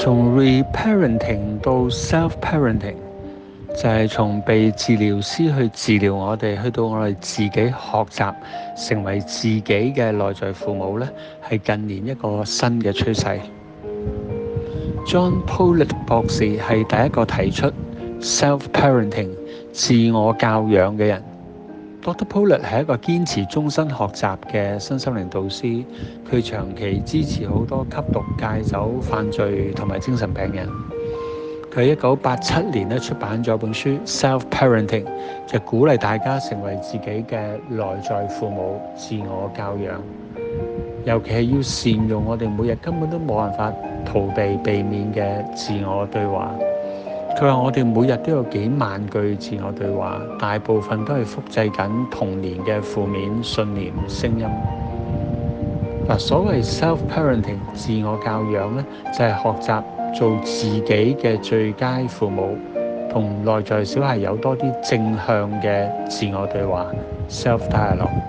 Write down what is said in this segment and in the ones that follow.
從 reparenting 到 self parenting，就係從被治療師去治療我哋，去到我哋自己學習成為自己嘅內在父母咧，係近年一個新嘅趨勢。John Pollitt 博士係第一個提出 self parenting 自我教養嘅人。Dr. Pollock 係一個堅持終身學習嘅身心靈導師，佢長期支持好多吸毒、戒酒、犯罪同埋精神病人。佢喺一九八七年咧出版咗本書《Self-Parenting》，就是、鼓勵大家成為自己嘅內在父母，自我教養，尤其係要善用我哋每日根本都冇辦法逃避避免嘅自我對話。佢話：我哋每日都有幾萬句自我對話，大部分都係複製緊童年嘅負面信念聲音。嗱，所謂 self-parenting 自我教養咧，就係學習做自己嘅最佳父母，同內在小孩有多啲正向嘅自我對話。self dialogue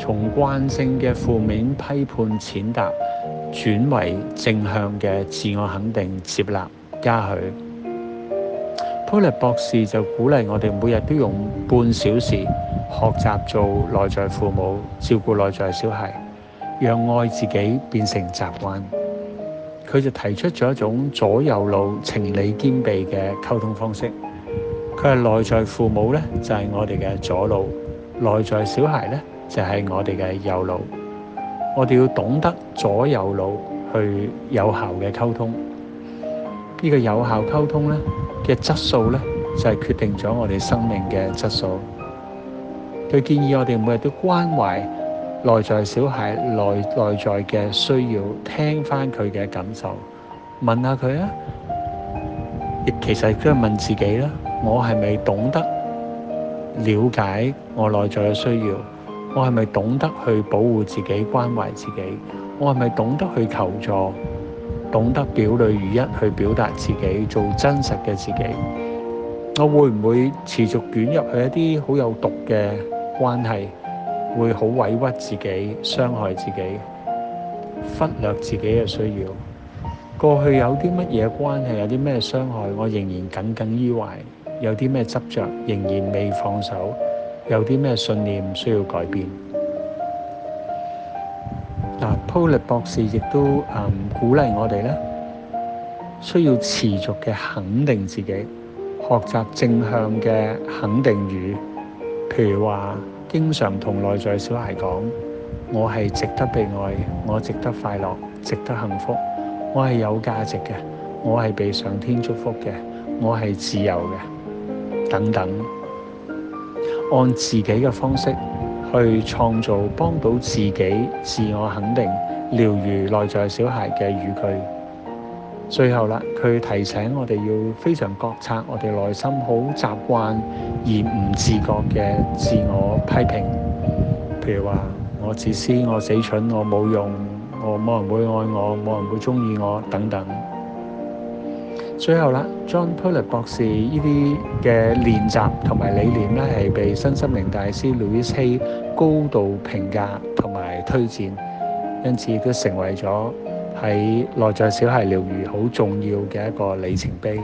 從慣性嘅負面批判、踐踏轉為正向嘅自我肯定、接納、加許。普勒博士就鼓勵我哋每日都用半小時學習做內在父母，照顧內在小孩，讓愛自己變成習慣。佢就提出咗一種左右腦情理兼備嘅溝通方式。佢係內在父母呢，就係我哋嘅左腦；內在小孩呢，就係我哋嘅右腦。我哋要懂得左右腦去有效嘅溝通。呢個有效溝通呢，嘅質素咧，就係決定咗我哋生命嘅質素。佢建議我哋每日都關懷內在小孩、內內在嘅需要，聽翻佢嘅感受，問下佢啊。亦其實佢問自己啦：我係咪懂得了解我內在嘅需要？我係咪懂得去保護自己、關懷自己？我係咪懂得去求助？懂得表裏如一去表達自己，做真實嘅自己。我會唔會持續捲入去一啲好有毒嘅關係，會好委屈自己、傷害自己、忽略自己嘅需要？過去有啲乜嘢關係，有啲咩傷害，我仍然耿耿於懷；有啲咩執著，仍然未放手；有啲咩信念需要改變？嗱 Paulie 博士亦都誒、um, 鼓勵我哋咧，需要持續嘅肯定自己，學習正向嘅肯定語，譬如話，經常同內在小孩講：我係值得被愛，我值得快樂，值得幸福，我係有價值嘅，我係被上天祝福嘅，我係自由嘅，等等，按自己嘅方式。去創造幫到自己自我肯定，療愈內在小孩嘅語句。最後啦，佢提醒我哋要非常覺察我哋內心好習慣而唔自覺嘅自我批評，譬如話我自私，我死蠢，我冇用，我冇人會愛我，冇人會中意我等等。最後啦，將 Pilot 博士呢啲嘅練習同埋理念，被新心靈大師路易希高度評價同埋推薦，因此亦都成為咗喺內在小孩療愈好重要嘅一個里程碑。